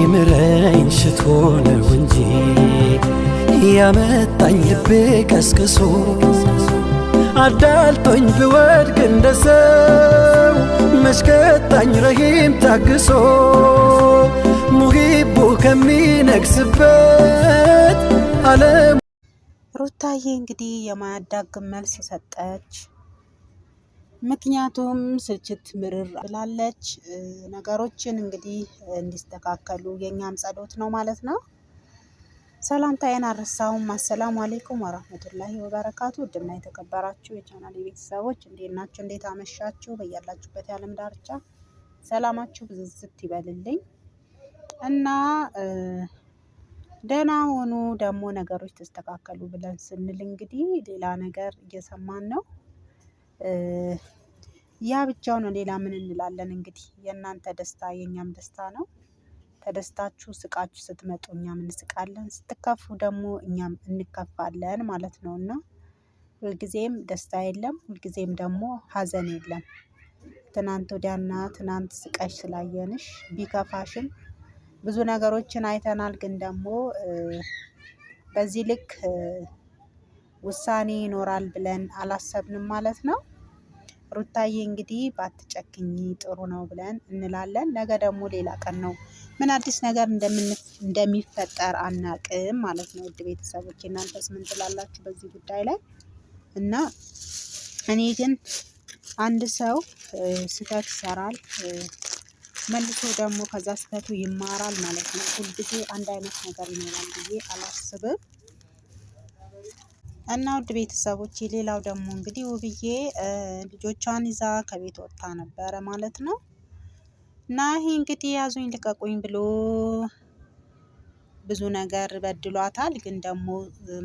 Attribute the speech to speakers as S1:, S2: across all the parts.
S1: ሊምረኝ ሽቶ ነው እንጂ ያመጣኝ ልቤ ቀስቅሶ አዳልጦኝ ብወድግ እንደ ሰው መሽከጣኝ ረሂም ታግሶ ሙሂቡ ከሚነግስበት ዓለም
S2: ሩታዬ እንግዲህ የማያዳግም መልስ ሰጠች። ምክንያቱም ስልችት ምርር ብላለች። ነገሮችን እንግዲህ እንዲስተካከሉ የእኛም ጸሎት ነው ማለት ነው። ሰላምታዬን አልረሳሁም። አሰላሙ አሌይኩም ወራህመቱላሂ ወበረካቱ። ውድና የተከበራችሁ የቻናል ቤተሰቦች እንዴት ናችሁ? እንዴት አመሻችሁ? በያላችሁበት የዓለም ዳርቻ ሰላማችሁ ብዝዝት ይበልልኝ እና ደህና ሆኑ። ደግሞ ነገሮች ተስተካከሉ ብለን ስንል እንግዲህ ሌላ ነገር እየሰማን ነው ያ ብቻው ነው። ሌላ ምን እንላለን እንግዲህ የእናንተ ደስታ የእኛም ደስታ ነው። ተደስታችሁ ስቃችሁ ስትመጡ እኛም እንስቃለን፣ ስትከፉ ደግሞ እኛም እንከፋለን ማለት ነው እና ሁልጊዜም ደስታ የለም፣ ሁልጊዜም ደግሞ ሀዘን የለም። ትናንት ወዲያና ትናንት ስቀሽ ስላየንሽ ቢከፋሽም ብዙ ነገሮችን አይተናል። ግን ደግሞ በዚህ ልክ ውሳኔ ይኖራል ብለን አላሰብንም ማለት ነው። ሩታዬ እንግዲህ ባትጨክኝ ጥሩ ነው ብለን እንላለን። ነገ ደግሞ ሌላ ቀን ነው። ምን አዲስ ነገር እንደሚፈጠር አናቅም ማለት ነው። ውድ ቤተሰቦች እናንተስ ምን ትላላችሁ በዚህ ጉዳይ ላይ? እና እኔ ግን አንድ ሰው ስህተት ይሰራል መልሶ ደግሞ ከዛ ስህተቱ ይማራል ማለት ነው። ሁልጊዜ አንድ አይነት ነገር ይኖራል ብዬ አላስብም። እና ውድ ቤተሰቦች ሌላው ደግሞ እንግዲህ ውብዬ ልጆቿን ይዛ ከቤት ወጥታ ነበረ ማለት ነው። እና ይሄ እንግዲህ ያዙኝ ልቀቁኝ ብሎ ብዙ ነገር በድሏታል። ግን ደግሞ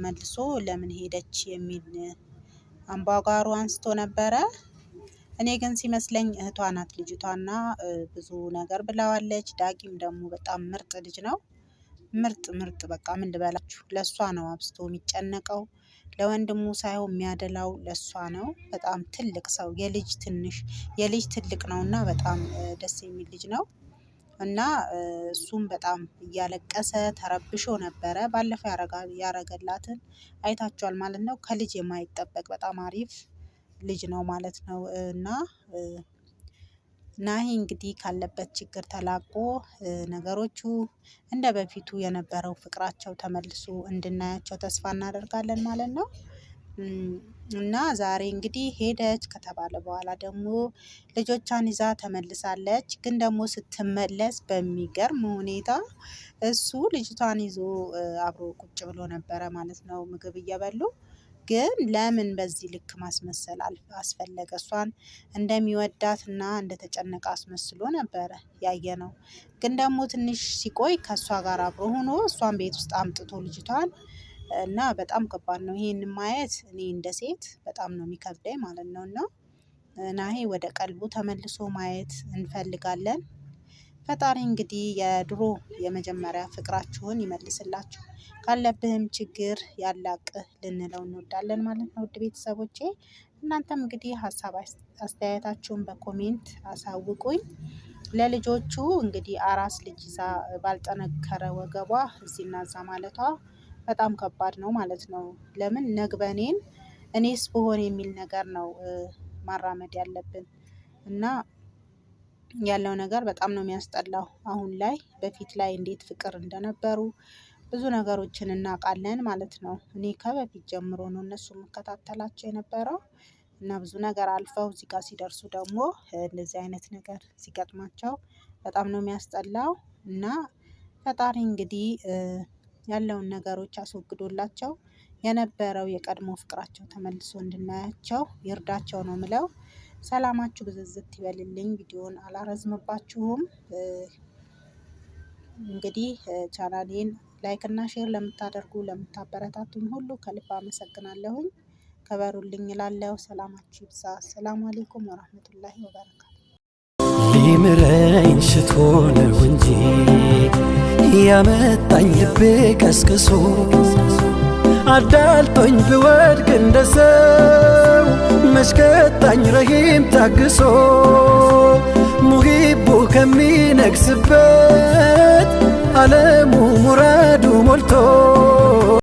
S2: መልሶ ለምን ሄደች የሚል አምባጓሮ አንስቶ ነበረ። እኔ ግን ሲመስለኝ እህቷ ናት ልጅቷና ብዙ ነገር ብላዋለች። ዳጊም ደግሞ በጣም ምርጥ ልጅ ነው። ምርጥ ምርጥ በቃ ምን ልበላችሁ፣ ለእሷ ነው አብስቶ የሚጨነቀው። ለወንድሙ ሳይሆን የሚያደላው ለእሷ ነው። በጣም ትልቅ ሰው የልጅ ትንሽ የልጅ ትልቅ ነው እና በጣም ደስ የሚል ልጅ ነው እና እሱም በጣም እያለቀሰ ተረብሾ ነበረ። ባለፈው ያረገላትን አይታችኋል ማለት ነው። ከልጅ የማይጠበቅ በጣም አሪፍ ልጅ ነው ማለት ነው እና ናሂ እንግዲህ ካለበት ችግር ተላቆ ነገሮቹ እንደ በፊቱ የነበረው ፍቅራቸው ተመልሶ እንድናያቸው ተስፋ እናደርጋለን ማለት ነው። እና ዛሬ እንግዲህ ሄደች ከተባለ በኋላ ደግሞ ልጆቿን ይዛ ተመልሳለች። ግን ደግሞ ስትመለስ በሚገርም ሁኔታ እሱ ልጅቷን ይዞ አብሮ ቁጭ ብሎ ነበረ ማለት ነው ምግብ እየበሉ ግን ለምን በዚህ ልክ ማስመሰል አስፈለገ? እሷን እና እንደተጨነቀ አስመስሎ ነበረ ያየ ነው። ግን ደግሞ ትንሽ ሲቆይ ከእሷ ጋር አብሮ ሆኖ እሷን ቤት ውስጥ አምጥቶ ልጅቷን እና በጣም ከባድ ነው። ይሄንን ማየት እኔ እንደ ሴት በጣም ነው የሚከብደኝ ማለት ነው። እና ናሄ ወደ ቀልቡ ተመልሶ ማየት እንፈልጋለን ፈጣሪ እንግዲህ የድሮ የመጀመሪያ ፍቅራችሁን ይመልስላችሁ፣ ካለብህም ችግር ያላቅህ ልንለው እንወዳለን ማለት ነው። ውድ ቤተሰቦቼ እናንተም እንግዲህ ሀሳብ አስተያየታችሁን በኮሜንት አሳውቁኝ። ለልጆቹ እንግዲህ አራስ ልጅ ይዛ ባልጠነከረ ወገቧ እዚህና እዛ ማለቷ በጣም ከባድ ነው ማለት ነው። ለምን ነግበኔን እኔስ ብሆን የሚል ነገር ነው ማራመድ ያለብን እና ያለው ነገር በጣም ነው የሚያስጠላው። አሁን ላይ በፊት ላይ እንዴት ፍቅር እንደነበሩ ብዙ ነገሮችን እናውቃለን ማለት ነው። እኔ ከበፊት ጀምሮ ነው እነሱ የምከታተላቸው የነበረው እና ብዙ ነገር አልፈው እዚህ ጋር ሲደርሱ ደግሞ እንደዚህ አይነት ነገር ሲገጥማቸው በጣም ነው የሚያስጠላው እና ፈጣሪ እንግዲህ ያለውን ነገሮች አስወግዶላቸው የነበረው የቀድሞ ፍቅራቸው ተመልሶ እንድናያቸው ይርዳቸው ነው ምለው። ሰላማችሁ ብዝዝት ይበልልኝ። ቪዲዮን አላረዝምባችሁም። እንግዲህ ቻናሌን ላይክ እና ሼር ለምታደርጉ ለምታበረታቱኝ ሁሉ ከልብ አመሰግናለሁኝ። ከበሩልኝ እላለሁ። ሰላማችሁ ይብዛ። ሰላም አሌይኩም ወራህመቱላሂ ወበረካቱ። ሊምረኝ ሽቶ ነው እንጂ ያመጣኝ ልቤ ቀስቅሶ አዳልጦኝ ብወድቅ እንደ ሰው መሽከጣኝ ረሂም ታግሶ ሙሂቡ ከሚነግስበት ዓለሙ ሙራዱ ሞልቶ